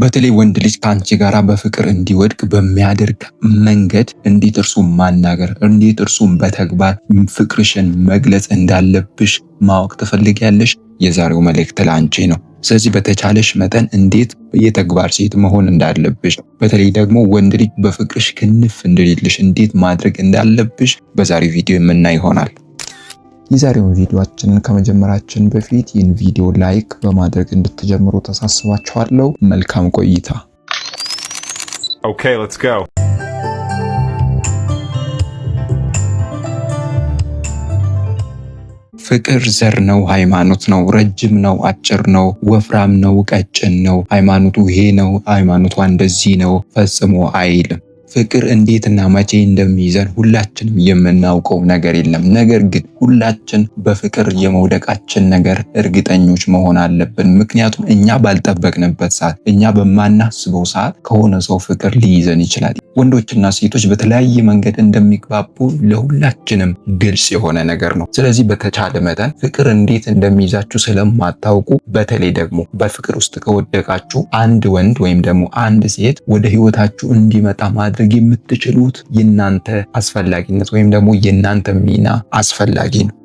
በተለይ ወንድ ልጅ ከአንቺ ጋር በፍቅር እንዲወድቅ በሚያደርግ መንገድ እንዴት እርሱን ማናገር፣ እንዴት እርሱን በተግባር ፍቅርሽን መግለጽ እንዳለብሽ ማወቅ ትፈልጊያለሽ። የዛሬው መልእክት ለአንቺ ነው። ስለዚህ በተቻለሽ መጠን እንዴት የተግባር ሴት መሆን እንዳለብሽ፣ በተለይ ደግሞ ወንድ ልጅ በፍቅርሽ ክንፍ እንደሌለሽ እንዴት ማድረግ እንዳለብሽ በዛሬው ቪዲዮ የምናይ ይሆናል። የዛሬውን ቪዲዮአችንን ከመጀመራችን በፊት ይህን ቪዲዮ ላይክ በማድረግ እንድትጀምሩ ተሳስባችኋለሁ። መልካም ቆይታ። Okay, let's ፍቅር ዘር ነው፣ ሃይማኖት ነው፣ ረጅም ነው፣ አጭር ነው፣ ወፍራም ነው፣ ቀጭን ነው፣ ሃይማኖቱ ይሄ ነው፣ ሃይማኖቷ እንደዚህ ነው ፈጽሞ አይልም። ፍቅር እንዴትና መቼ እንደሚይዘን ሁላችንም የምናውቀው ነገር የለም። ነገር ግን ሁላችን በፍቅር የመውደቃችን ነገር እርግጠኞች መሆን አለብን። ምክንያቱም እኛ ባልጠበቅንበት ሰዓት፣ እኛ በማናስበው ሰዓት ከሆነ ሰው ፍቅር ሊይዘን ይችላል። ወንዶችና ሴቶች በተለያየ መንገድ እንደሚግባቡ ለሁላችንም ግልጽ የሆነ ነገር ነው። ስለዚህ በተቻለ መጠን ፍቅር እንዴት እንደሚይዛችሁ ስለማታውቁ፣ በተለይ ደግሞ በፍቅር ውስጥ ከወደቃችሁ አንድ ወንድ ወይም ደግሞ አንድ ሴት ወደ ህይወታችሁ እንዲመጣ ማድረግ ማድረግ የምትችሉት የእናንተ አስፈላጊነት ወይም ደግሞ የእናንተ ሚና አስፈላጊ ነው።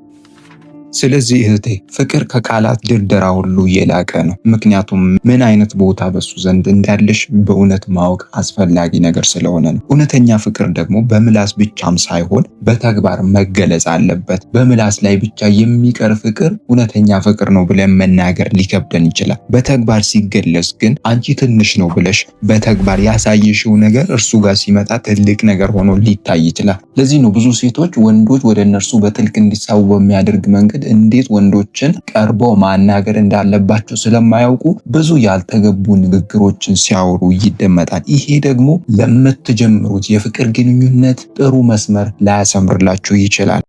ስለዚህ እህቴ ፍቅር ከቃላት ድርደራ ሁሉ የላቀ ነው። ምክንያቱም ምን አይነት ቦታ በሱ ዘንድ እንዳለሽ በእውነት ማወቅ አስፈላጊ ነገር ስለሆነ ነው። እውነተኛ ፍቅር ደግሞ በምላስ ብቻም ሳይሆን በተግባር መገለጽ አለበት። በምላስ ላይ ብቻ የሚቀር ፍቅር እውነተኛ ፍቅር ነው ብለን መናገር ሊከብደን ይችላል። በተግባር ሲገለጽ ግን አንቺ ትንሽ ነው ብለሽ በተግባር ያሳየሽው ነገር እርሱ ጋር ሲመጣ ትልቅ ነገር ሆኖ ሊታይ ይችላል። ለዚህ ነው ብዙ ሴቶች ወንዶች ወደ እነርሱ በትልቅ እንዲሳቡ በሚያደርግ መንገድ እንዴት ወንዶችን ቀርቦ ማናገር እንዳለባቸው ስለማያውቁ ብዙ ያልተገቡ ንግግሮችን ሲያወሩ ይደመጣል። ይሄ ደግሞ ለምትጀምሩት የፍቅር ግንኙነት ጥሩ መስመር ላያሰምርላችሁ ይችላል።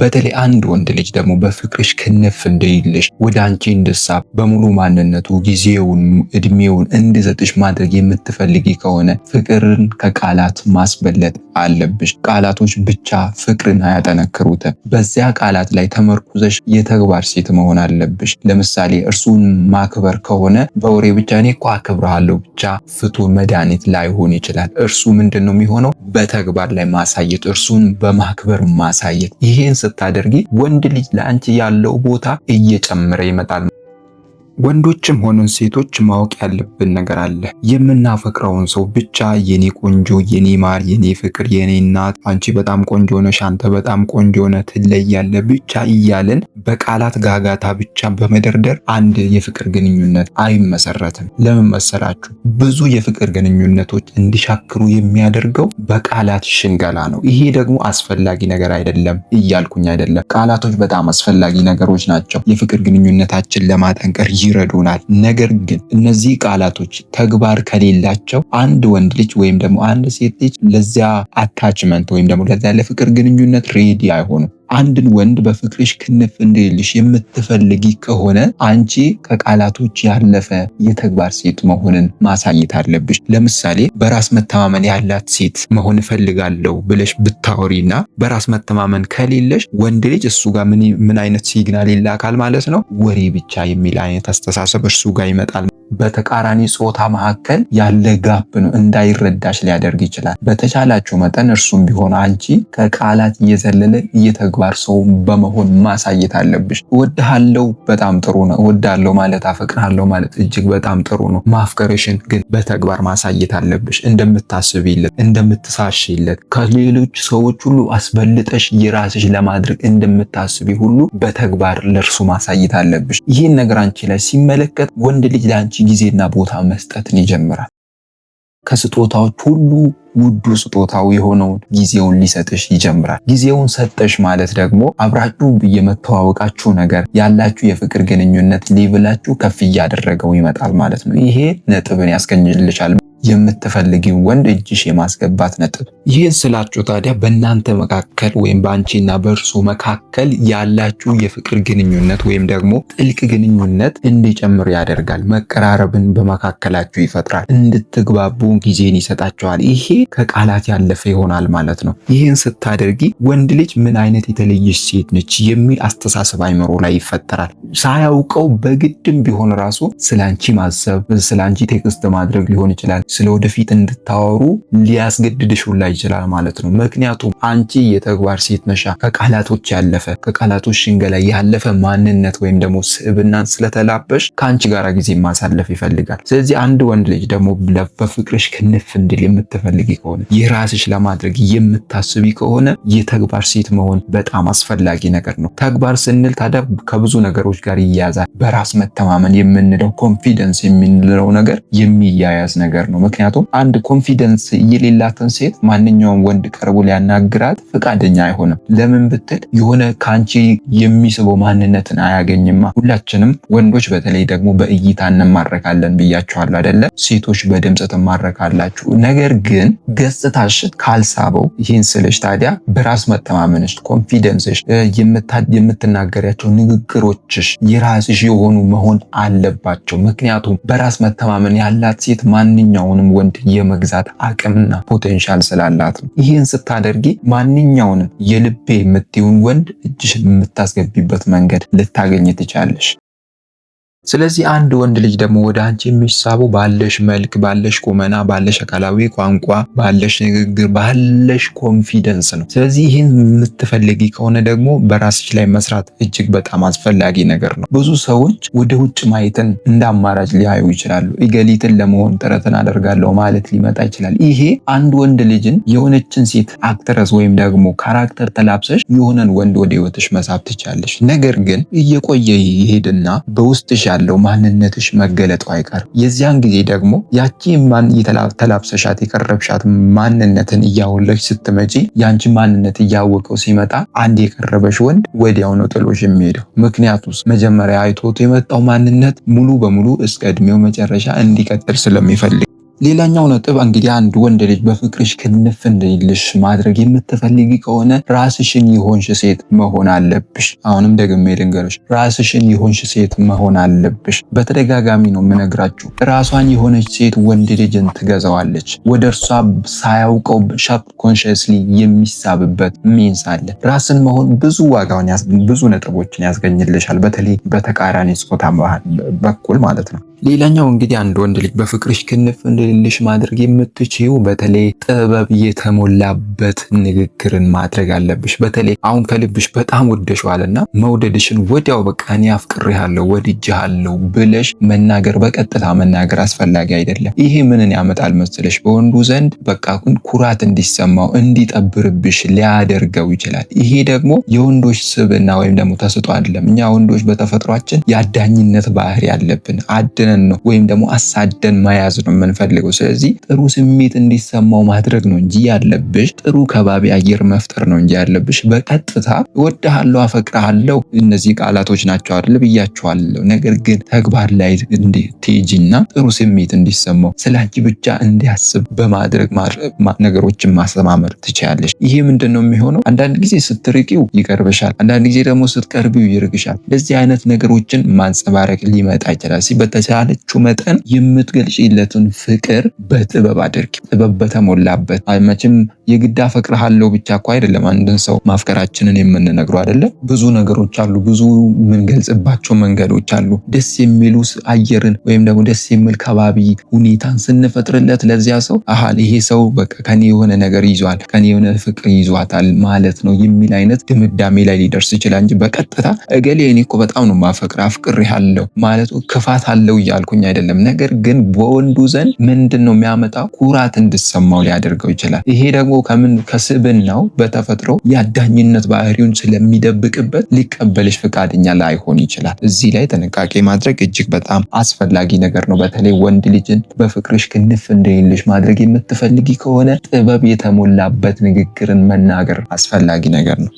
በተለይ አንድ ወንድ ልጅ ደግሞ በፍቅርሽ ክንፍ እንደይልሽ ወደ አንቺ እንድሳብ በሙሉ ማንነቱ ጊዜውን፣ እድሜውን እንድሰጥሽ ማድረግ የምትፈልጊ ከሆነ ፍቅርን ከቃላት ማስበለጥ አለብሽ። ቃላቶች ብቻ ፍቅርን አያጠነክሩትም። በዚያ ቃላት ላይ ተመርኩዘሽ የተግባር ሴት መሆን አለብሽ። ለምሳሌ እርሱን ማክበር ከሆነ በወሬ ብቻ እኔ እኮ አክብርሃለሁ ብቻ ፍቱ መድኃኒት ላይሆን ይችላል። እርሱ ምንድን ነው የሚሆነው? በተግባር ላይ ማሳየት፣ እርሱን በማክበር ማሳየት ይሄን ስታደርጊ ወንድ ልጅ ለአንቺ ያለው ቦታ እየጨመረ ይመጣል። ወንዶችም ሆነን ሴቶች ማወቅ ያለብን ነገር አለ። የምናፈቅረውን ሰው ብቻ የኔ ቆንጆ፣ የኔ ማር፣ የኔ ፍቅር፣ የኔ እናት፣ አንቺ በጣም ቆንጆ ነሽ፣ አንተ በጣም ቆንጆ ነህ፣ ትለያለህ ብቻ እያልን በቃላት ጋጋታ ብቻ በመደርደር አንድ የፍቅር ግንኙነት አይመሰረትም። ለምን መሰላችሁ? ብዙ የፍቅር ግንኙነቶች እንዲሻክሩ የሚያደርገው በቃላት ሽንገላ ነው። ይሄ ደግሞ አስፈላጊ ነገር አይደለም እያልኩኝ አይደለም። ቃላቶች በጣም አስፈላጊ ነገሮች ናቸው የፍቅር ግንኙነታችን ለማጠንቀር ይረዱናል። ነገር ግን እነዚህ ቃላቶች ተግባር ከሌላቸው አንድ ወንድ ልጅ ወይም ደግሞ አንድ ሴት ልጅ ለዚያ አታችመንት ወይም ደግሞ ለዚያ ለፍቅር ግንኙነት ሬዲ አይሆኑም። አንድን ወንድ በፍቅርሽ ክንፍ እንዲልሽ የምትፈልጊ ከሆነ አንቺ ከቃላቶች ያለፈ የተግባር ሴት መሆንን ማሳየት አለብሽ። ለምሳሌ በራስ መተማመን ያላት ሴት መሆን እፈልጋለሁ ብለሽ ብታወሪና በራስ መተማመን ከሌለሽ ወንድ ልጅ እሱ ጋር ምን አይነት ሲግናል ይላካል ማለት ነው? ወሬ ብቻ የሚል አይነት አስተሳሰብ እርሱ ጋር ይመጣል። በተቃራኒ ጾታ መካከል ያለ ጋፕ ነው እንዳይረዳሽ ሊያደርግ ይችላል። በተቻላቸው መጠን እርሱም ቢሆን አንቺ ከቃላት እየዘለለ እየተግ በተግባር ሰው በመሆን ማሳየት አለብሽ። እወድሃለሁ በጣም ጥሩ ነው። እወድሃለሁ ማለት አፈቅርሃለሁ ማለት እጅግ በጣም ጥሩ ነው። ማፍቀርሽን ግን በተግባር ማሳየት አለብሽ። እንደምታስብለት እንደምትሳሽለት ከሌሎች ሰዎች ሁሉ አስበልጠሽ የራስሽ ለማድረግ እንደምታስቢ ሁሉ በተግባር ለእርሱ ማሳየት አለብሽ። ይህን ነገር አንቺ ላይ ሲመለከት ወንድ ልጅ ለአንቺ ጊዜና ቦታ መስጠትን ይጀምራል። ከስጦታዎች ሁሉ ውዱ ስጦታው የሆነውን ጊዜውን ሊሰጥሽ ይጀምራል። ጊዜውን ሰጠሽ ማለት ደግሞ አብራችሁ የመተዋወቃችሁ ነገር ያላችሁ የፍቅር ግንኙነት ሊብላችሁ ከፍ እያደረገው ይመጣል ማለት ነው። ይሄ ነጥብን ያስገኝልሻል። የምትፈልጊው ወንድ እጅሽ የማስገባት ነጥብ። ይህን ስላችሁ ታዲያ በእናንተ መካከል ወይም በአንቺና በእርሱ መካከል ያላችሁ የፍቅር ግንኙነት ወይም ደግሞ ጥልቅ ግንኙነት እንዲጨምር ያደርጋል። መቀራረብን በመካከላችሁ ይፈጥራል። እንድትግባቡ ጊዜን ይሰጣቸዋል። ይሄ ከቃላት ያለፈ ይሆናል ማለት ነው። ይህን ስታደርጊ ወንድ ልጅ ምን አይነት የተለየች ሴት ነች የሚል አስተሳሰብ አይምሮ ላይ ይፈጠራል። ሳያውቀው በግድም ቢሆን ራሱ ስላንቺ ማሰብ፣ ስላንቺ ቴክስት ማድረግ ሊሆን ይችላል ስለ ወደፊት እንድታወሩ ሊያስገድድሽ ሁላ ይችላል ማለት ነው። ምክንያቱም አንቺ የተግባር ሴት መሻ ከቃላቶች ያለፈ ከቃላቶች ሽንገላ ያለፈ ማንነት ወይም ደግሞ ስብዕናን ስለተላበሽ ከአንቺ ጋር ጊዜ ማሳለፍ ይፈልጋል። ስለዚህ አንድ ወንድ ልጅ ደግሞ በፍቅርሽ ክንፍ እንድል የምትፈልጊ ከሆነ የራስሽ ለማድረግ የምታስቢ ከሆነ የተግባር ሴት መሆን በጣም አስፈላጊ ነገር ነው። ተግባር ስንል ታዲያ ከብዙ ነገሮች ጋር ይያያዛል። በራስ መተማመን የምንለው ኮንፊደንስ የምንለው ነገር የሚያያዝ ነገር ነው። ነው። ምክንያቱም አንድ ኮንፊደንስ የሌላትን ሴት ማንኛውም ወንድ ቀርቦ ሊያናግራት ፈቃደኛ አይሆንም። ለምን ብትል የሆነ ከአንቺ የሚስበው ማንነትን አያገኝማ። ሁላችንም ወንዶች በተለይ ደግሞ በእይታ እንማረካለን ብያችኋል አይደለ? ሴቶች በድምፅ ትማረካላችሁ። ነገር ግን ገጽታሽ ካልሳበው፣ ይህን ስልሽ ታዲያ በራስ መተማመንሽ፣ ኮንፊደንስሽ፣ የምትናገሪያቸው ንግግሮችሽ የራስሽ የሆኑ መሆን አለባቸው። ምክንያቱም በራስ መተማመን ያላት ሴት ማንኛውም ማንኛውንም ወንድ የመግዛት አቅምና ፖቴንሻል ስላላት ነው። ይህን ስታደርጊ ማንኛውንም የልቤ የምትይውን ወንድ እጅሽ የምታስገቢበት መንገድ ልታገኝ ትቻለሽ። ስለዚህ አንድ ወንድ ልጅ ደግሞ ወደ አንቺ የሚሳበው ባለሽ መልክ፣ ባለሽ ቁመና፣ ባለሽ አካላዊ ቋንቋ፣ ባለሽ ንግግር፣ ባለሽ ኮንፊደንስ ነው። ስለዚህ ይህን የምትፈልጊ ከሆነ ደግሞ በራስሽ ላይ መስራት እጅግ በጣም አስፈላጊ ነገር ነው። ብዙ ሰዎች ወደ ውጭ ማየትን እንደ አማራጭ ሊያዩ ይችላሉ። ኢገሊትን ለመሆን ጥረትን አደርጋለሁ ማለት ሊመጣ ይችላል። ይሄ አንድ ወንድ ልጅን የሆነችን ሴት አክትረስ ወይም ደግሞ ካራክተር ተላብሰሽ የሆነን ወንድ ወደ ህይወትሽ መሳብ ትቻለሽ። ነገር ግን እየቆየ ይሄድና በውስጥሽ ያለው ማንነትሽ መገለጡ አይቀርም። የዚያን ጊዜ ደግሞ ያቺ ማን ተላብሰሻት የቀረብሻት ማንነትን እያወለች ስትመጪ ያንቺ ማንነት እያወቀው ሲመጣ አንድ የቀረበሽ ወንድ ወዲያው ነው ጥሎሽ የሚሄደው። ምክንያቱስ መጀመሪያ አይቶት የመጣው ማንነት ሙሉ በሙሉ እስከ እድሜው መጨረሻ እንዲቀጥል ስለሚፈልግ ሌላኛው ነጥብ እንግዲህ አንድ ወንድ ልጅ በፍቅርሽ ክንፍ እንዲልሽ ማድረግ የምትፈልጊ ከሆነ ራስሽን የሆንሽ ሴት መሆን አለብሽ። አሁንም ደግሜ ልንገርሽ፣ ራስሽን የሆንሽ ሴት መሆን አለብሽ። በተደጋጋሚ ነው የምነግራችሁ። ራሷን የሆነች ሴት ወንድ ልጅን ትገዛዋለች። ወደ እርሷ ሳያውቀው ሻፕ ኮንሽስሊ የሚሳብበት ሚንስ አለ። ራስን መሆን ብዙ ዋጋውን ብዙ ነጥቦችን ያስገኝልሻል። በተለይ በተቃራኒ ጾታ በኩል ማለት ነው። ሌላኛው እንግዲህ አንድ ወንድ ልጅ በፍቅርሽ ክንፍ እንድልልሽ ማድረግ የምትችው በተለይ ጥበብ የተሞላበት ንግግርን ማድረግ አለብሽ። በተለይ አሁን ከልብሽ በጣም ወደሽዋልና መውደድሽን ወዲያው በቃ እኔ አፍቅሬሃለሁ ወድጄሃለሁ ብለሽ መናገር፣ በቀጥታ መናገር አስፈላጊ አይደለም። ይሄ ምንን ያመጣል መሰለሽ? በወንዱ ዘንድ በቃ ኩራት እንዲሰማው እንዲጠብርብሽ ሊያደርገው ይችላል። ይሄ ደግሞ የወንዶች ስብና ወይም ደግሞ ተሰጥኦ አይደለም። እኛ ወንዶች በተፈጥሯችን የአዳኝነት ባህሪ ያለብን አድነ አፍነን ነው ወይም ደግሞ አሳደን መያዝ ነው የምንፈልገው። ስለዚህ ጥሩ ስሜት እንዲሰማው ማድረግ ነው እንጂ ያለብሽ ጥሩ ከባቢ አየር መፍጠር ነው እንጂ ያለብሽ በቀጥታ እወድሃለሁ፣ አፈቅርሃለሁ እነዚህ ቃላቶች ናቸው አይደል ብያችኋለሁ። ነገር ግን ተግባር ላይ እንድትሄጂና ጥሩ ስሜት እንዲሰማው ስላንቺ ብቻ እንዲያስብ በማድረግ ነገሮችን ማሰማመር ትችላለሽ። ይሄ ምንድን ነው የሚሆነው? አንዳንድ ጊዜ ስትርቂው ይቀርብሻል፣ አንዳንድ ጊዜ ደግሞ ስትቀርቢው ይርግሻል። ለዚህ አይነት ነገሮችን ማንጸባረቅ ሊመጣ ይችላል። በተቻለ በቻለችው መጠን የምትገልጭለትን ፍቅር በጥበብ አድርጊ። ጥበብ በተሞላበት መቼም የግድ አፈቅርሃለሁ ብቻ እኮ አይደለም አንድን ሰው ማፍቀራችንን የምንነግረው አይደለም። ብዙ ነገሮች አሉ፣ ብዙ የምንገልጽባቸው መንገዶች አሉ። ደስ የሚሉ አየርን ወይም ደግሞ ደስ የሚል ከባቢ ሁኔታን ስንፈጥርለት ለዚያ ሰው አሃል ይሄ ሰው በቃ ከኔ የሆነ ነገር ይዟል፣ ከኔ የሆነ ፍቅር ይዟታል ማለት ነው የሚል አይነት ድምዳሜ ላይ ሊደርስ ይችላል እንጂ በቀጥታ እገሌ እኔ እኮ በጣም ነው ማፈቅር ያለው ማለቱ ክፋት አለው እያልኩኝ አይደለም። ነገር ግን በወንዱ ዘንድ ምንድን ነው የሚያመጣው ኩራት እንድሰማው ሊያደርገው ይችላል። ይሄ ደግሞ ከምን ከስብናው በተፈጥሮ የአዳኝነት ባህሪውን ስለሚደብቅበት ሊቀበልሽ ፈቃደኛ ላይሆን ይችላል። እዚህ ላይ ጥንቃቄ ማድረግ እጅግ በጣም አስፈላጊ ነገር ነው። በተለይ ወንድ ልጅን በፍቅርሽ ክንፍ እንደሌለሽ ማድረግ የምትፈልጊ ከሆነ ጥበብ የተሞላበት ንግግርን መናገር አስፈላጊ ነገር ነው።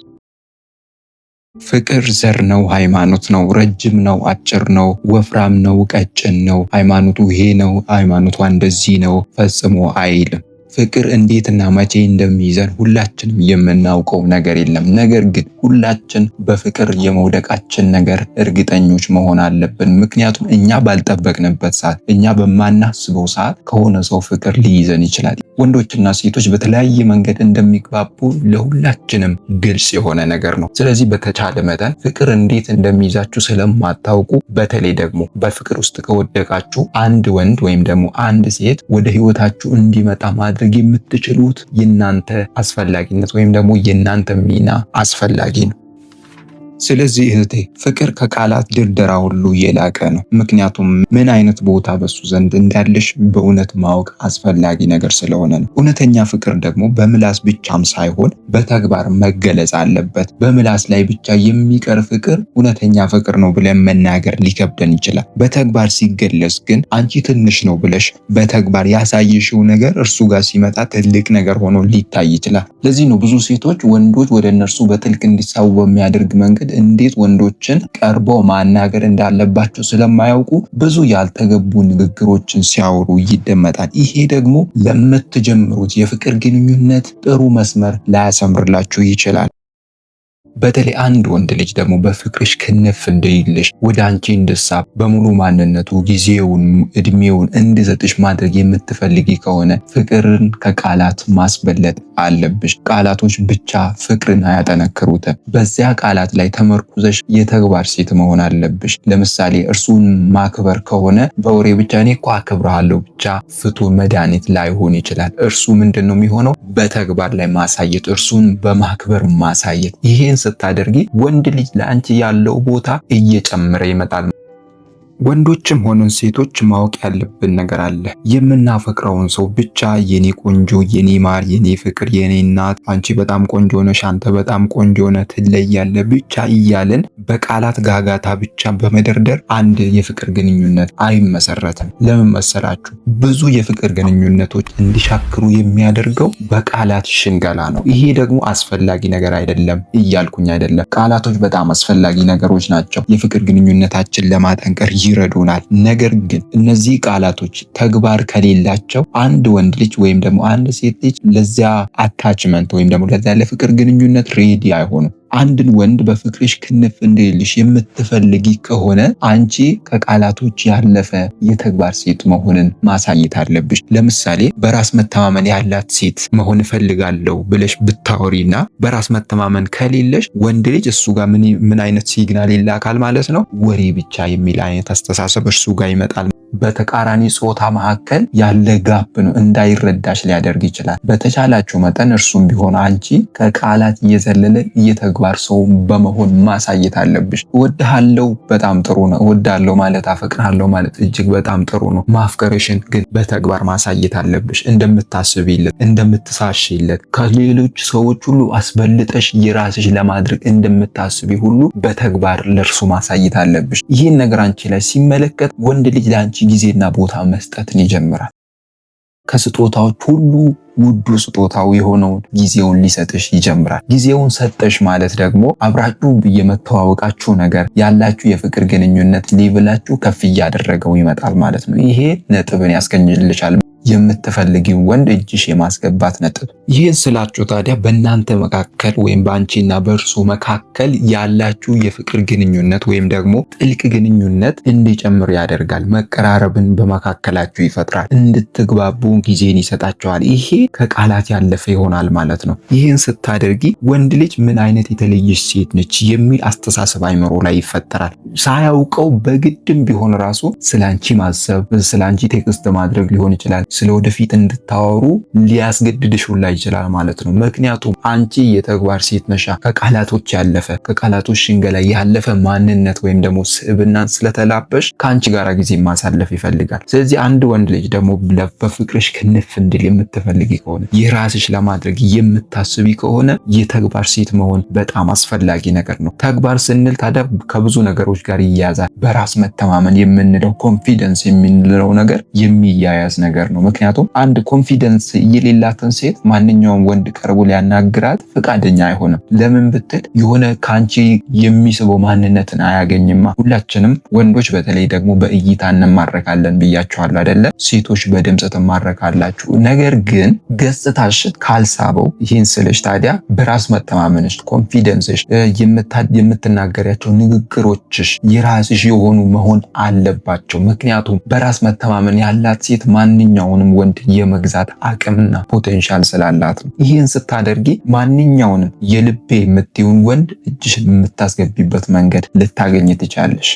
ፍቅር ዘር ነው፣ ሃይማኖት ነው። ረጅም ነው፣ አጭር ነው፣ ወፍራም ነው፣ ቀጭን ነው። ሃይማኖቱ ይሄ ነው፣ ሃይማኖቷ እንደዚህ ነው ፈጽሞ አይልም። ፍቅር እንዴትና መቼ እንደሚይዘን ሁላችንም የምናውቀው ነገር የለም። ነገር ግን ሁላችን በፍቅር የመውደቃችን ነገር እርግጠኞች መሆን አለብን። ምክንያቱም እኛ ባልጠበቅንበት ሰዓት፣ እኛ በማናስበው ሰዓት ከሆነ ሰው ፍቅር ሊይዘን ይችላል። ወንዶችና ሴቶች በተለያየ መንገድ እንደሚግባቡ ለሁላችንም ግልጽ የሆነ ነገር ነው። ስለዚህ በተቻለ መጠን ፍቅር እንዴት እንደሚይዛችሁ ስለማታውቁ፣ በተለይ ደግሞ በፍቅር ውስጥ ከወደቃችሁ አንድ ወንድ ወይም ደግሞ አንድ ሴት ወደ ህይወታችሁ እንዲመጣ ማድረግ የምትችሉት የእናንተ አስፈላጊነት ወይም ደግሞ የእናንተ ሚና አስፈላጊ ነው። ስለዚህ እህቴ ፍቅር ከቃላት ድርደራ ሁሉ የላቀ ነው። ምክንያቱም ምን አይነት ቦታ በሱ ዘንድ እንዳለሽ በእውነት ማወቅ አስፈላጊ ነገር ስለሆነ ነው። እውነተኛ ፍቅር ደግሞ በምላስ ብቻም ሳይሆን በተግባር መገለጽ አለበት። በምላስ ላይ ብቻ የሚቀር ፍቅር እውነተኛ ፍቅር ነው ብለን መናገር ሊከብደን ይችላል። በተግባር ሲገለጽ ግን አንቺ ትንሽ ነው ብለሽ በተግባር ያሳየሽው ነገር እርሱ ጋር ሲመጣ ትልቅ ነገር ሆኖ ሊታይ ይችላል። ለዚህ ነው ብዙ ሴቶች ወንዶች ወደ እነርሱ በጥልቅ እንዲሳቡ በሚያደርግ መንገድ እንዴት ወንዶችን ቀርቦ ማናገር እንዳለባቸው ስለማያውቁ ብዙ ያልተገቡ ንግግሮችን ሲያወሩ ይደመጣል። ይሄ ደግሞ ለምትጀምሩት የፍቅር ግንኙነት ጥሩ መስመር ላያሰምርላችሁ ይችላል። በተለይ አንድ ወንድ ልጅ ደግሞ በፍቅርሽ ክንፍ እንደይልሽ ወደ አንቺ እንድሳብ በሙሉ ማንነቱ ጊዜውን፣ እድሜውን እንድሰጥሽ ማድረግ የምትፈልጊ ከሆነ ፍቅርን ከቃላት ማስበለጥ አለብሽ። ቃላቶች ብቻ ፍቅርን አያጠነክሩትም። በዚያ ቃላት ላይ ተመርኩዘሽ የተግባር ሴት መሆን አለብሽ። ለምሳሌ እርሱን ማክበር ከሆነ በወሬ ብቻ እኔ እኮ አክብርሃለሁ ብቻ ፍቱ መድኃኒት ላይሆን ይችላል። እርሱ ምንድን ነው የሚሆነው? በተግባር ላይ ማሳየት፣ እርሱን በማክበር ማሳየት ይሄን ስታደርጊ ወንድ ልጅ ለአንቺ ያለው ቦታ እየጨመረ ይመጣል። ወንዶችም ሆነን ሴቶች ማወቅ ያለብን ነገር አለ። የምናፈቅረውን ሰው ብቻ የኔ ቆንጆ፣ የኔ ማር፣ የኔ ፍቅር፣ የኔ እናት፣ አንቺ በጣም ቆንጆ ነሽ፣ አንተ በጣም ቆንጆ ነህ፣ ትለያለህ ብቻ እያለን በቃላት ጋጋታ ብቻ በመደርደር አንድ የፍቅር ግንኙነት አይመሰረትም። ለምን መሰላችሁ? ብዙ የፍቅር ግንኙነቶች እንዲሻክሩ የሚያደርገው በቃላት ሽንገላ ነው። ይሄ ደግሞ አስፈላጊ ነገር አይደለም እያልኩኝ አይደለም። ቃላቶች በጣም አስፈላጊ ነገሮች ናቸው የፍቅር ግንኙነታችን ለማጠንቀር ይረዱናል። ነገር ግን እነዚህ ቃላቶች ተግባር ከሌላቸው አንድ ወንድ ልጅ ወይም ደግሞ አንድ ሴት ልጅ ለዚያ አታችመንት ወይም ደግሞ ለዚያ ለፍቅር ግንኙነት ሬዲ አይሆኑም። አንድን ወንድ በፍቅርሽ ክንፍ እንዲልሽ የምትፈልጊ ከሆነ አንቺ ከቃላቶች ያለፈ የተግባር ሴት መሆንን ማሳየት አለብሽ። ለምሳሌ በራስ መተማመን ያላት ሴት መሆን እፈልጋለሁ ብለሽ ብታወሪና በራስ መተማመን ከሌለሽ ወንድ ልጅ እሱ ጋር ምን አይነት ሲግናል ይላካል ማለት ነው? ወሬ ብቻ የሚል አይነት አስተሳሰብ እርሱ ጋር ይመጣል። በተቃራኒ ጾታ መካከል ያለ ጋፕ ነው እንዳይረዳሽ ሊያደርግ ይችላል። በተቻላችሁ መጠን እርሱም ቢሆን አንቺ ከቃላት እየዘለለ እየተግባር ሰው በመሆን ማሳየት አለብሽ። እወድሃለሁ በጣም ጥሩ ነው። እወድሃለሁ ማለት አፈቅርሃለሁ ማለት እጅግ በጣም ጥሩ ነው። ማፍቀርሽን ግን በተግባር ማሳየት አለብሽ። እንደምታስብለት፣ እንደምትሳሽለት ከሌሎች ሰዎች ሁሉ አስበልጠሽ የራስሽ ለማድረግ እንደምታስቢ ሁሉ በተግባር ለእርሱ ማሳየት አለብሽ። ይህን ነገር አንቺ ላይ ሲመለከት ወንድ ልጅ ለአንቺ ጊዜና ቦታ መስጠትን ይጀምራል። ከስጦታዎች ሁሉ ውዱ ስጦታው የሆነውን ጊዜውን ሊሰጥሽ ይጀምራል። ጊዜውን ሰጠሽ ማለት ደግሞ አብራችሁ የመተዋወቃችሁ ነገር ያላችሁ የፍቅር ግንኙነት ሊብላችሁ ከፍ እያደረገው ይመጣል ማለት ነው። ይሄ ነጥብን ያስገኝልሻል። የምትፈልጊው ወንድ እጅሽ የማስገባት ነጥብ። ይህን ስላችሁ ታዲያ በእናንተ መካከል ወይም በአንቺና በእርሱ መካከል ያላችሁ የፍቅር ግንኙነት ወይም ደግሞ ጥልቅ ግንኙነት እንዲጨምር ያደርጋል። መቀራረብን በመካከላችሁ ይፈጥራል። እንድትግባቡ ጊዜን ይሰጣቸዋል። ይሄ ከቃላት ያለፈ ይሆናል ማለት ነው። ይህን ስታደርጊ ወንድ ልጅ ምን አይነት የተለየች ሴት ነች የሚል አስተሳሰብ አይምሮ ላይ ይፈጠራል። ሳያውቀው በግድም ቢሆን ራሱ ስላንቺ ማሰብ፣ ስላንቺ ቴክስት ማድረግ ሊሆን ይችላል ስለ ወደፊት እንድታወሩ ሊያስገድድሽ ሁላ ይችላል ማለት ነው። ምክንያቱም አንቺ የተግባር ሴት ነሻ። ከቃላቶች ያለፈ ከቃላቶች ሽንገላ ያለፈ ማንነት ወይም ደግሞ ስብዕናን ስለተላበሽ ከአንቺ ጋር ጊዜ ማሳለፍ ይፈልጋል። ስለዚህ አንድ ወንድ ልጅ ደግሞ በፍቅርሽ ክንፍ እንድል የምትፈልጊ ከሆነ የራስሽ ለማድረግ የምታስቢ ከሆነ የተግባር ሴት መሆን በጣም አስፈላጊ ነገር ነው። ተግባር ስንል ታዲያ ከብዙ ነገሮች ጋር ይያያዛል። በራስ መተማመን የምንለው ኮንፊደንስ የምንለው ነገር የሚያያዝ ነገር ነው። ነው። ምክንያቱም አንድ ኮንፊደንስ የሌላትን ሴት ማንኛውም ወንድ ቀርቦ ሊያናግራት ፈቃደኛ አይሆንም። ለምን ብትል የሆነ ከአንቺ የሚስበው ማንነትን አያገኝማ። ሁላችንም ወንዶች በተለይ ደግሞ በእይታ እንማረካለን ብያችኋል አደለ? ሴቶች በድምፅ ትማረካላችሁ። ነገር ግን ገጽታሽ ካልሳበው፣ ይህን ስልሽ ታዲያ በራስ መተማመንሽ፣ ኮንፊደንስሽ፣ የምትናገሪያቸው ንግግሮችሽ የራስሽ የሆኑ መሆን አለባቸው። ምክንያቱም በራስ መተማመን ያላት ሴት ማንኛውም ማንኛውንም ወንድ የመግዛት አቅምና ፖቴንሻል ስላላት ነው። ይህን ስታደርጊ ማንኛውንም የልቤ የምትይውን ወንድ እጅሽ የምታስገቢበት መንገድ ልታገኝ ትቻለሽ።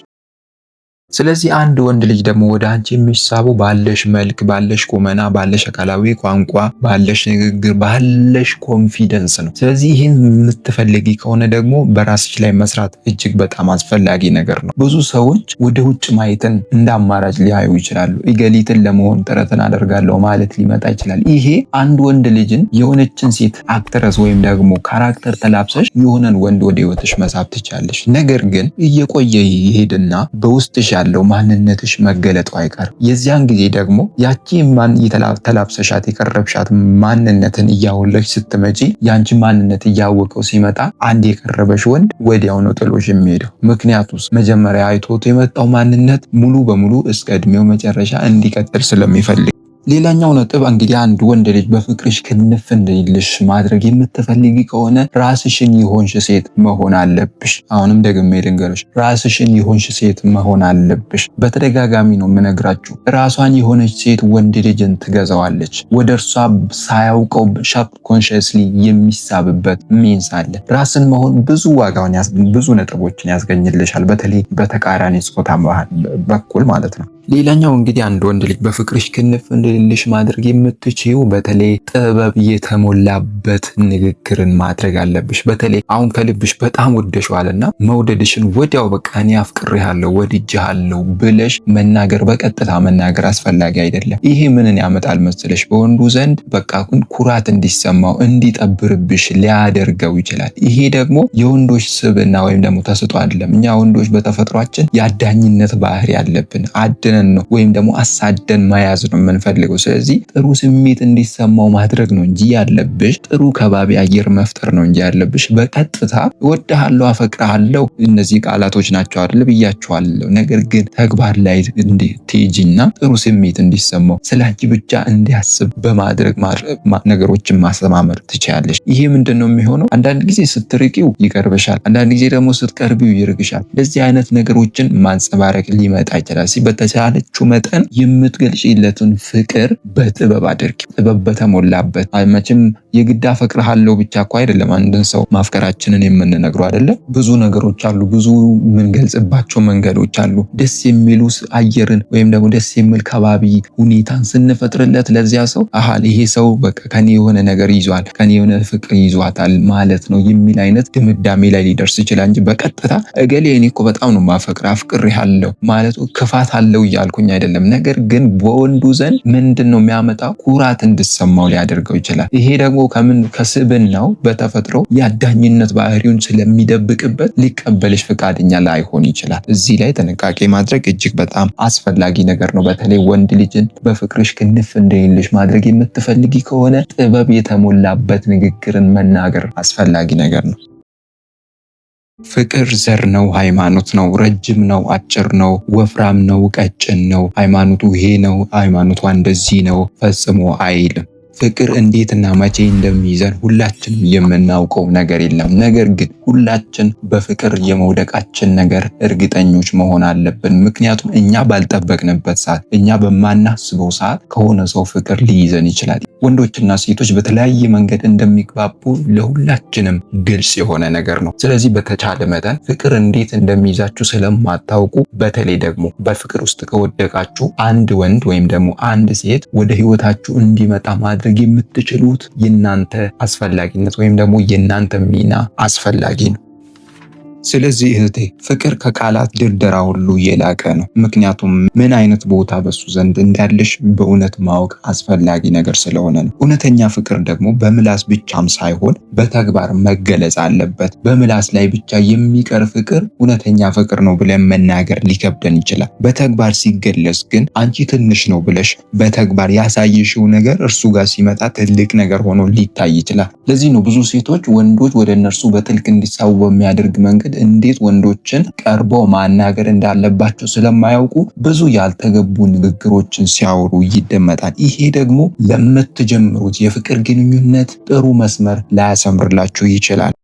ስለዚህ አንድ ወንድ ልጅ ደግሞ ወደ አንቺ የሚሳቡ ባለሽ መልክ፣ ባለሽ ቁመና፣ ባለሽ አካላዊ ቋንቋ፣ ባለሽ ንግግር፣ ባለሽ ኮንፊደንስ ነው። ስለዚህ ይህን የምትፈልጊ ከሆነ ደግሞ በራስሽ ላይ መስራት እጅግ በጣም አስፈላጊ ነገር ነው። ብዙ ሰዎች ወደ ውጭ ማየትን እንደ አማራጭ ሊያዩ ይችላሉ። ኢገሊትን ለመሆን ጥረትን አደርጋለሁ ማለት ሊመጣ ይችላል። ይሄ አንድ ወንድ ልጅን የሆነችን ሴት አክትረስ ወይም ደግሞ ካራክተር ተላብሰሽ የሆነን ወንድ ወደ ህይወትሽ መሳብ ትቻለሽ። ነገር ግን እየቆየ ይሄድና በውስጥሽ ያለው ማንነትሽ መገለጡ አይቀርም። የዚያን ጊዜ ደግሞ ያቺ ማን ተላብሰሻት የቀረብሻት ማንነትን እያወለች ስትመጪ ያንቺ ማንነት እያወቀው ሲመጣ አንድ የቀረበሽ ወንድ ወዲያው ነው ጥሎሽ የሚሄደው። ምክንያቱስ መጀመሪያ አይቶት የመጣው ማንነት ሙሉ በሙሉ እስከ እድሜው መጨረሻ እንዲቀጥል ስለሚፈልግ ሌላኛው ነጥብ እንግዲህ አንድ ወንድ ልጅ በፍቅርሽ ክንፍ እንዲልሽ ማድረግ የምትፈልጊ ከሆነ ራስሽን የሆንሽ ሴት መሆን አለብሽ። አሁንም ደግሜ ልንገርሽ፣ ራስሽን የሆንሽ ሴት መሆን አለብሽ። በተደጋጋሚ ነው የምነግራችሁ። ራሷን የሆነች ሴት ወንድ ልጅን ትገዛዋለች። ወደ እርሷ ሳያውቀው ሻፕ ኮንሽስሊ የሚሳብበት ሚንስ አለ። ራስን መሆን ብዙ ዋጋውን ብዙ ነጥቦችን ያስገኝልሻል። በተለይ በተቃራኒ ጾታ በኩል ማለት ነው። ሌላኛው እንግዲህ አንድ ወንድ ልጅ በፍቅርሽ ክንፍ እንድልልሽ ማድረግ የምትችው በተለይ ጥበብ የተሞላበት ንግግርን ማድረግ አለብሽ። በተለይ አሁን ከልብሽ በጣም ወደሽዋልና መውደድሽን ወዲያው በቃ እኔ አፍቅሬሃለሁ ወድጄሃለሁ ብለሽ መናገር፣ በቀጥታ መናገር አስፈላጊ አይደለም። ይሄ ምንን ያመጣል መሰለሽ? በወንዱ ዘንድ በቃ ኩራት እንዲሰማው እንዲጠብርብሽ ሊያደርገው ይችላል። ይሄ ደግሞ የወንዶች ስብና ወይም ደግሞ ተስጦ አይደለም። እኛ ወንዶች በተፈጥሯችን የአዳኝነት ባህሪ ያለብን አድነ አፍነን ነው ወይም ደግሞ አሳደን መያዝ ነው የምንፈልገው። ስለዚህ ጥሩ ስሜት እንዲሰማው ማድረግ ነው እንጂ ያለብሽ፣ ጥሩ ከባቢ አየር መፍጠር ነው እንጂ ያለብሽ። በቀጥታ እወድሃለሁ፣ አፈቅርሃለሁ እነዚህ ቃላቶች ናቸው አይደል ብያችኋለሁ። ነገር ግን ተግባር ላይ እንድትሄጂና ጥሩ ስሜት እንዲሰማው ስላንቺ ብቻ እንዲያስብ በማድረግ ነገሮችን ማሰማመር ትችላለሽ። ይሄ ምንድን ነው የሚሆነው? አንዳንድ ጊዜ ስትርቂው ይቀርብሻል፣ አንዳንድ ጊዜ ደግሞ ስትቀርቢው ይርግሻል። ለዚህ አይነት ነገሮችን ማንጸባረቅ ሊመጣ ይችላል። በተቻለ በተቻለችው መጠን የምትገልጭለትን ፍቅር በጥበብ አድርጊ። ጥበብ በተሞላበት መቼም የግድ አፈቅርሃለሁ ብቻ እኮ አይደለም አንድን ሰው ማፍቀራችንን የምንነግረው አይደለም። ብዙ ነገሮች አሉ፣ ብዙ የምንገልጽባቸው መንገዶች አሉ። ደስ የሚሉ አየርን ወይም ደግሞ ደስ የሚል ከባቢ ሁኔታን ስንፈጥርለት ለዚያ ሰው አሃል ይሄ ሰው በቃ ከኔ የሆነ ነገር ይዟል፣ ከኔ የሆነ ፍቅር ይዟታል ማለት ነው የሚል አይነት ድምዳሜ ላይ ሊደርስ ይችላል እንጂ በቀጥታ እገሌ እኔ እኮ በጣም ነው ማፈቅር ያለው ማለቱ ክፋት አለው እያልኩኝ አይደለም። ነገር ግን በወንዱ ዘንድ ምንድን ነው የሚያመጣው ኩራት እንድሰማው ሊያደርገው ይችላል። ይሄ ደግሞ ከምን ከስብናው በተፈጥሮ የአዳኝነት ባህሪውን ስለሚደብቅበት ሊቀበልሽ ፈቃደኛ ላይሆን ይችላል። እዚህ ላይ ጥንቃቄ ማድረግ እጅግ በጣም አስፈላጊ ነገር ነው። በተለይ ወንድ ልጅን በፍቅርሽ ክንፍ እንደሌለሽ ማድረግ የምትፈልጊ ከሆነ ጥበብ የተሞላበት ንግግርን መናገር አስፈላጊ ነገር ነው። ፍቅር ዘር ነው፣ ሃይማኖት ነው። ረጅም ነው፣ አጭር ነው፣ ወፍራም ነው፣ ቀጭን ነው፣ ሃይማኖቱ ይሄ ነው፣ ሃይማኖቷ እንደዚህ ነው ፈጽሞ አይልም። ፍቅር እንዴትና መቼ እንደሚይዘን ሁላችንም የምናውቀው ነገር የለም። ነገር ግን ሁላችን በፍቅር የመውደቃችን ነገር እርግጠኞች መሆን አለብን። ምክንያቱም እኛ ባልጠበቅንበት ሰዓት፣ እኛ በማናስበው ሰዓት ከሆነ ሰው ፍቅር ሊይዘን ይችላል። ወንዶችና ሴቶች በተለያየ መንገድ እንደሚግባቡ ለሁላችንም ግልጽ የሆነ ነገር ነው። ስለዚህ በተቻለ መጠን ፍቅር እንዴት እንደሚይዛችሁ ስለማታውቁ፣ በተለይ ደግሞ በፍቅር ውስጥ ከወደቃችሁ አንድ ወንድ ወይም ደግሞ አንድ ሴት ወደ ህይወታችሁ እንዲመጣ ማድረግ የምትችሉት የእናንተ አስፈላጊነት ወይም ደግሞ የእናንተ ሚና አስፈላጊ ነው። ስለዚህ እህቴ ፍቅር ከቃላት ድርደራ ሁሉ የላቀ ነው። ምክንያቱም ምን አይነት ቦታ በሱ ዘንድ እንዳለሽ በእውነት ማወቅ አስፈላጊ ነገር ስለሆነ ነው። እውነተኛ ፍቅር ደግሞ በምላስ ብቻም ሳይሆን በተግባር መገለጽ አለበት። በምላስ ላይ ብቻ የሚቀር ፍቅር እውነተኛ ፍቅር ነው ብለን መናገር ሊከብደን ይችላል። በተግባር ሲገለጽ ግን አንቺ ትንሽ ነው ብለሽ በተግባር ያሳየሽው ነገር እርሱ ጋር ሲመጣ ትልቅ ነገር ሆኖ ሊታይ ይችላል። ለዚህ ነው ብዙ ሴቶች ወንዶች ወደ እነርሱ በጥልቅ እንዲሳቡ በሚያደርግ መንገድ እንዴት ወንዶችን ቀርቦ ማናገር እንዳለባቸው ስለማያውቁ ብዙ ያልተገቡ ንግግሮችን ሲያወሩ ይደመጣል። ይሄ ደግሞ ለምትጀምሩት የፍቅር ግንኙነት ጥሩ መስመር ላያሰምርላችሁ ይችላል።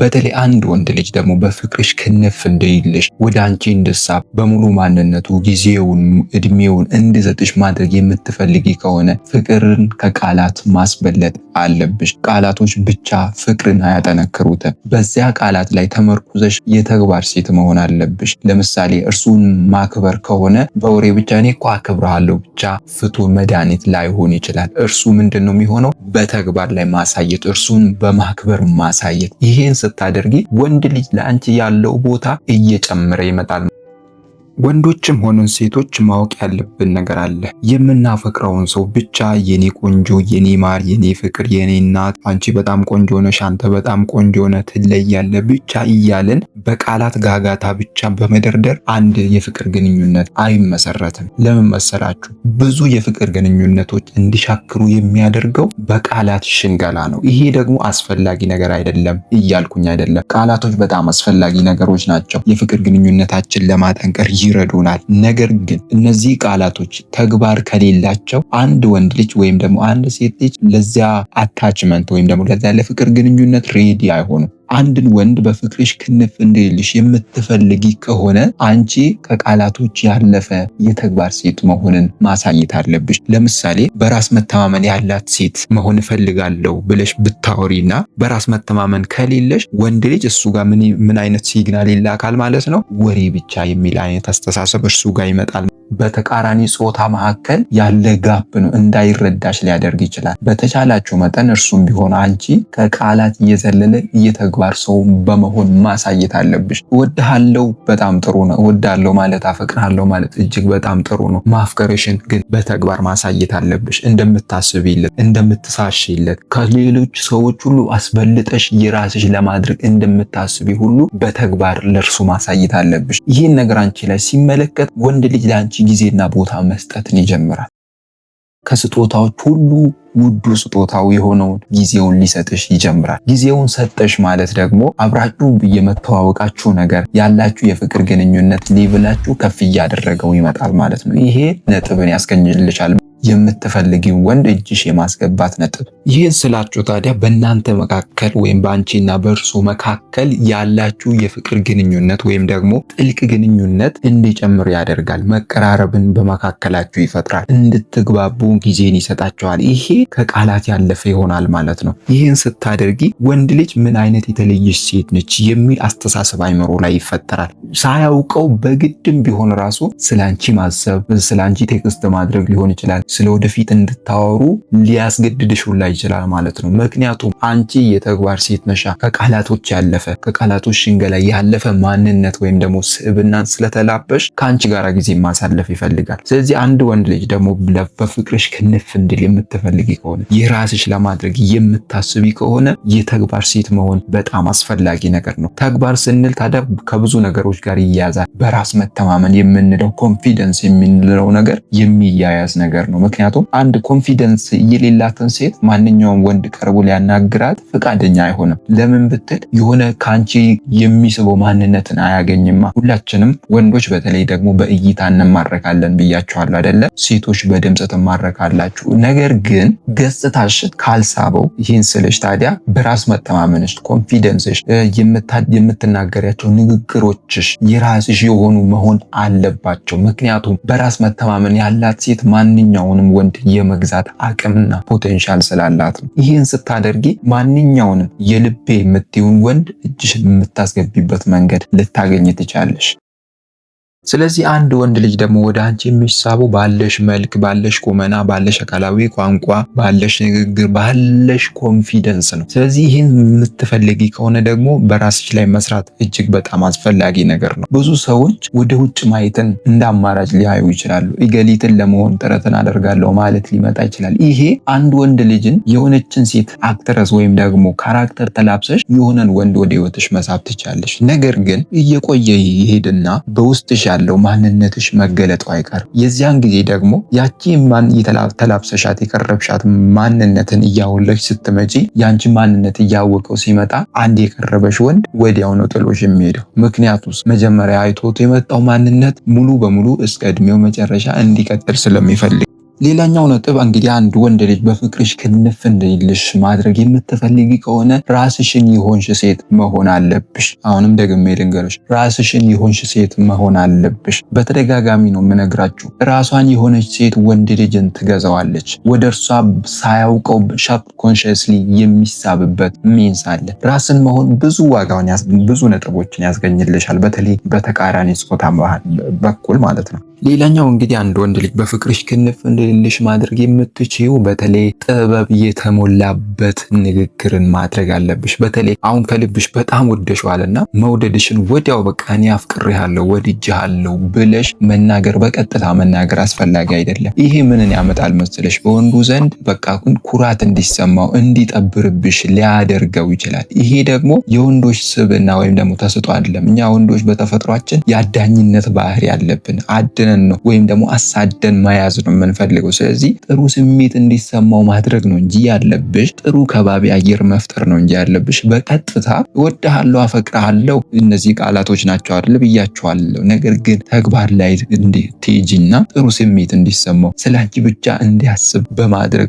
በተለይ አንድ ወንድ ልጅ ደግሞ በፍቅርሽ ክንፍ እንደይልሽ ወደ አንቺ እንድሳብ በሙሉ ማንነቱ ጊዜውን፣ እድሜውን እንድሰጥሽ ማድረግ የምትፈልጊ ከሆነ ፍቅርን ከቃላት ማስበለጥ አለብሽ። ቃላቶች ብቻ ፍቅርን አያጠነክሩትም። በዚያ ቃላት ላይ ተመርኩዘሽ የተግባር ሴት መሆን አለብሽ። ለምሳሌ እርሱን ማክበር ከሆነ በወሬ ብቻ እኔ እኮ አክብርሃለሁ ብቻ ፍቱ መድኃኒት ላይሆን ይችላል። እርሱ ምንድን ነው የሚሆነው? በተግባር ላይ ማሳየት፣ እርሱን በማክበር ማሳየት ይሄን ስታደርጊ ወንድ ልጅ ለአንቺ ያለው ቦታ እየጨመረ ይመጣል። ወንዶችም ሆነን ሴቶች ማወቅ ያለብን ነገር አለ። የምናፈቅረውን ሰው ብቻ የኔ ቆንጆ፣ የኔ ማር፣ የኔ ፍቅር፣ የኔ እናት፣ አንቺ በጣም ቆንጆ ነሽ፣ አንተ በጣም ቆንጆ ነህ፣ ትለያለህ ብቻ እያለን በቃላት ጋጋታ ብቻ በመደርደር አንድ የፍቅር ግንኙነት አይመሰረትም። ለምን መሰላችሁ? ብዙ የፍቅር ግንኙነቶች እንዲሻክሩ የሚያደርገው በቃላት ሽንገላ ነው። ይሄ ደግሞ አስፈላጊ ነገር አይደለም እያልኩኝ አይደለም። ቃላቶች በጣም አስፈላጊ ነገሮች ናቸው የፍቅር ግንኙነታችን ለማጠንቀር ይረዱናል። ነገር ግን እነዚህ ቃላቶች ተግባር ከሌላቸው አንድ ወንድ ልጅ ወይም ደግሞ አንድ ሴት ልጅ ለዚያ አታችመንት ወይም ደግሞ ለዚያ ለፍቅር ግንኙነት ሬዲ አይሆኑም። አንድን ወንድ በፍቅርሽ ክንፍ እንዲልሽ የምትፈልጊ ከሆነ አንቺ ከቃላቶች ያለፈ የተግባር ሴት መሆንን ማሳየት አለብሽ። ለምሳሌ በራስ መተማመን ያላት ሴት መሆን እፈልጋለሁ ብለሽ ብታወሪና በራስ መተማመን ከሌለሽ ወንድ ልጅ እሱ ጋር ምን አይነት ሲግናል ይላካል ማለት ነው? ወሬ ብቻ የሚል አይነት አስተሳሰብ እርሱ ጋር ይመጣል። በተቃራኒ ጾታ መካከል ያለ ጋፕ ነው እንዳይረዳሽ ሊያደርግ ይችላል። በተቻላቸው መጠን እርሱም ቢሆን አንቺ ከቃላት እየዘለለ እየተግ ተግባር ሰው በመሆን ማሳየት አለብሽ። እወድሃለሁ በጣም ጥሩ ነው። እወድሃለሁ ማለት አፈቅርሃለሁ ማለት እጅግ በጣም ጥሩ ነው። ማፍቀርሽን ግን በተግባር ማሳየት አለብሽ። እንደምታስቢለት፣ እንደምትሳሽለት ከሌሎች ሰዎች ሁሉ አስበልጠሽ የራስሽ ለማድረግ እንደምታስቢ ሁሉ በተግባር ለእርሱ ማሳየት አለብሽ። ይህን ነገር አንቺ ላይ ሲመለከት ወንድ ልጅ ለአንቺ ጊዜና ቦታ መስጠትን ይጀምራል። ከስጦታዎች ሁሉ ውዱ ስጦታው የሆነውን ጊዜውን ሊሰጥሽ ይጀምራል። ጊዜውን ሰጠሽ ማለት ደግሞ አብራችሁ የመተዋወቃችሁ ነገር ያላችሁ የፍቅር ግንኙነት ሊብላችሁ ከፍ እያደረገው ይመጣል ማለት ነው። ይሄ ነጥብን ያስገኝልሻል። የምትፈልጊው ወንድ እጅሽ የማስገባት ነጥብ። ይህን ስላችሁ ታዲያ በእናንተ መካከል ወይም በአንቺና በእርሱ መካከል ያላችሁ የፍቅር ግንኙነት ወይም ደግሞ ጥልቅ ግንኙነት እንዲጨምር ያደርጋል። መቀራረብን በመካከላችሁ ይፈጥራል። እንድትግባቡ ጊዜን ይሰጣቸዋል። ይሄ ከቃላት ያለፈ ይሆናል ማለት ነው። ይህን ስታደርጊ ወንድ ልጅ ምን አይነት የተለየች ሴት ነች የሚል አስተሳሰብ አይምሮ ላይ ይፈጠራል። ሳያውቀው በግድም ቢሆን ራሱ ስላንቺ ማሰብ፣ ስላንቺ ቴክስት ማድረግ ሊሆን ይችላል ስለ ወደፊት እንድታወሩ ሊያስገድድሽ ሁላ ይችላል ማለት ነው። ምክንያቱም አንቺ የተግባር ሴት ነሻ። ከቃላቶች ያለፈ ከቃላቶች ሽንገላ ያለፈ ማንነት ወይም ደግሞ ስብዕናን ስለተላበሽ ከአንቺ ጋር ጊዜ ማሳለፍ ይፈልጋል። ስለዚህ አንድ ወንድ ልጅ ደግሞ በፍቅርሽ ክንፍ እንድል የምትፈልጊ ከሆነ የራስሽ ለማድረግ የምታስቢ ከሆነ የተግባር ሴት መሆን በጣም አስፈላጊ ነገር ነው። ተግባር ስንል ታዲያ ከብዙ ነገሮች ጋር ይያያዛል። በራስ መተማመን የምንለው ኮንፊደንስ የምንለው ነገር የሚያያዝ ነገር ነው። ነው። ምክንያቱም አንድ ኮንፊደንስ የሌላትን ሴት ማንኛውም ወንድ ቀርቦ ሊያናግራት ፈቃደኛ አይሆንም። ለምን ብትል የሆነ ከአንቺ የሚስበው ማንነትን አያገኝማ። ሁላችንም ወንዶች በተለይ ደግሞ በእይታ እንማረካለን ብያችኋል አይደለ? ሴቶች በድምፅ ትማረካላችሁ። ነገር ግን ገጽታሽ ካልሳበው፣ ይህን ስልሽ ታዲያ በራስ መተማመንሽ፣ ኮንፊደንስሽ፣ የምትናገሪያቸው ንግግሮችሽ የራስሽ የሆኑ መሆን አለባቸው። ምክንያቱም በራስ መተማመን ያላት ሴት ማንኛውም ማንኛውንም ወንድ የመግዛት አቅምና ፖቴንሻል ስላላት ነው። ይህን ስታደርጊ ማንኛውንም የልቤ የምትይውን ወንድ እጅሽ የምታስገቢበት መንገድ ልታገኝ ትቻለሽ። ስለዚህ አንድ ወንድ ልጅ ደግሞ ወደ አንቺ የሚሳቡ ባለሽ መልክ፣ ባለሽ ቁመና፣ ባለሽ አካላዊ ቋንቋ፣ ባለሽ ንግግር፣ ባለሽ ኮንፊደንስ ነው። ስለዚህ ይህን የምትፈልጊ ከሆነ ደግሞ በራስሽ ላይ መስራት እጅግ በጣም አስፈላጊ ነገር ነው። ብዙ ሰዎች ወደ ውጭ ማየትን እንደ አማራጭ ሊያዩ ይችላሉ። ኢገሊትን ለመሆን ጥረትን አደርጋለሁ ማለት ሊመጣ ይችላል። ይሄ አንድ ወንድ ልጅን የሆነችን ሴት አክትረስ ወይም ደግሞ ካራክተር ተላብሰሽ የሆነን ወንድ ወደ ህይወትሽ መሳብ ትቻለሽ። ነገር ግን እየቆየ ይሄድና በውስጥሽ ያለው ማንነትሽ መገለጡ አይቀርም። የዚያን ጊዜ ደግሞ ያቺ ማን ተላብሰሻት የቀረብሻት ማንነትን እያወለች ስትመጪ ያንቺ ማንነት እያወቀው ሲመጣ አንድ የቀረበሽ ወንድ ወዲያው ነው ጥሎሽ የሚሄደው። ምክንያቱስ መጀመሪያ አይቶት የመጣው ማንነት ሙሉ በሙሉ እስከ እድሜው መጨረሻ እንዲቀጥል ስለሚፈልግ ሌላኛው ነጥብ እንግዲህ አንድ ወንድ ልጅ በፍቅርሽ ክንፍ እንዲልሽ ማድረግ የምትፈልጊ ከሆነ ራስሽን የሆንሽ ሴት መሆን አለብሽ። አሁንም ደግሜ ልንገርሽ፣ ራስሽን የሆንሽ ሴት መሆን አለብሽ። በተደጋጋሚ ነው የምነግራችሁ። ራሷን የሆነች ሴት ወንድ ልጅን ትገዛዋለች። ወደ እርሷ ሳያውቀው ሻፕ ኮንሽስሊ የሚሳብበት ሚንስ አለ። ራስን መሆን ብዙ ዋጋውን ብዙ ነጥቦችን ያስገኝልሻል። በተለይ በተቃራኒ ጾታ በኩል ማለት ነው። ሌላኛው እንግዲህ አንድ ወንድ ልጅ በፍቅርሽ ክንፍ እንድልልሽ ማድረግ የምትችው በተለይ ጥበብ የተሞላበት ንግግርን ማድረግ አለብሽ። በተለይ አሁን ከልብሽ በጣም ወደሽዋልና መውደድሽን ወዲያው በቃ እኔ አፍቅሬሃለሁ ወድጄሃለሁ ብለሽ መናገር፣ በቀጥታ መናገር አስፈላጊ አይደለም። ይሄ ምንን ያመጣል መስለሽ በወንዱ ዘንድ በቃ ኩራት እንዲሰማው እንዲጠብርብሽ ሊያደርገው ይችላል። ይሄ ደግሞ የወንዶች ስብና ወይም ደግሞ ተሰጥኦ አይደለም። እኛ ወንዶች በተፈጥሯችን የአዳኝነት ባህሪ ያለብን አድነ አፍነን ነው ወይም ደግሞ አሳደን መያዝ ነው የምንፈልገው። ስለዚህ ጥሩ ስሜት እንዲሰማው ማድረግ ነው እንጂ ያለብሽ ጥሩ ከባቢ አየር መፍጠር ነው እንጂ ያለብሽ በቀጥታ እወድሃለሁ፣ አፈቅርሃለሁ እነዚህ ቃላቶች ናቸው አይደል ብያችኋለሁ። ነገር ግን ተግባር ላይ እንድትሄጂና ጥሩ ስሜት እንዲሰማው ስለጅ ብቻ እንዲያስብ በማድረግ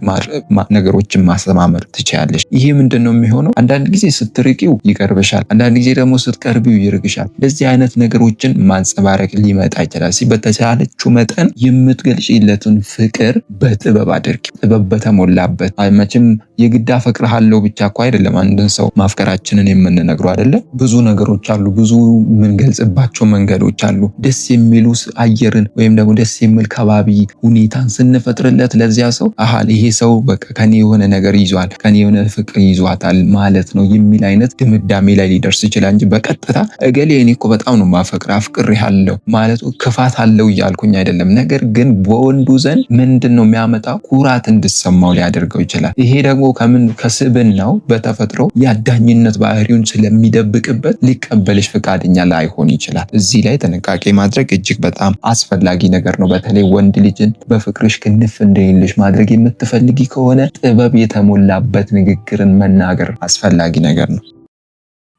ነገሮችን ማሰማመር ትችላለሽ። ይሄ ምንድን ነው የሚሆነው? አንዳንድ ጊዜ ስትርቂው ይቀርብሻል፣ አንዳንድ ጊዜ ደግሞ ስትቀርቢው ይርግሻል። ለዚህ አይነት ነገሮችን ማንጸባረቅ ሊመጣ ይችላል። በተቻለ በተቻለችው መጠን የምትገልጭለትን ፍቅር በጥበብ አድርጊ። ጥበብ በተሞላበት መቼም የግድ አፈቅርሃለሁ ብቻ እኮ አይደለም አንድን ሰው ማፍቀራችንን የምንነግረው አይደለም። ብዙ ነገሮች አሉ፣ ብዙ የምንገልጽባቸው መንገዶች አሉ። ደስ የሚሉ አየርን ወይም ደግሞ ደስ የሚል ከባቢ ሁኔታን ስንፈጥርለት ለዚያ ሰው አሃል ይሄ ሰው በቃ ከኔ የሆነ ነገር ይዟል፣ ከኔ የሆነ ፍቅር ይዟታል ማለት ነው የሚል አይነት ድምዳሜ ላይ ሊደርስ ይችላል እንጂ በቀጥታ እገሌ እኔ እኮ በጣም ነው ማፈቅር ያለው ማለቱ ክፋት አለው እያልኩኝ አይደለም። ነገር ግን በወንዱ ዘንድ ምንድን ነው የሚያመጣው ኩራት እንድሰማው ሊያደርገው ይችላል። ይሄ ደግሞ ከምን ከስብናው በተፈጥሮ የአዳኝነት ባህሪውን ስለሚደብቅበት ሊቀበልሽ ፈቃደኛ ላይሆን ይችላል። እዚህ ላይ ጥንቃቄ ማድረግ እጅግ በጣም አስፈላጊ ነገር ነው። በተለይ ወንድ ልጅን በፍቅርሽ ክንፍ እንደሌለሽ ማድረግ የምትፈልጊ ከሆነ ጥበብ የተሞላበት ንግግርን መናገር አስፈላጊ ነገር ነው።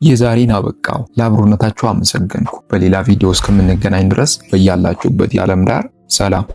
የዛሬን አበቃው። ለአብሮነታችሁ አመሰገንኩ። በሌላ ቪዲዮ እስከምንገናኝ ድረስ በያላችሁበት የዓለም ዳር ሰላም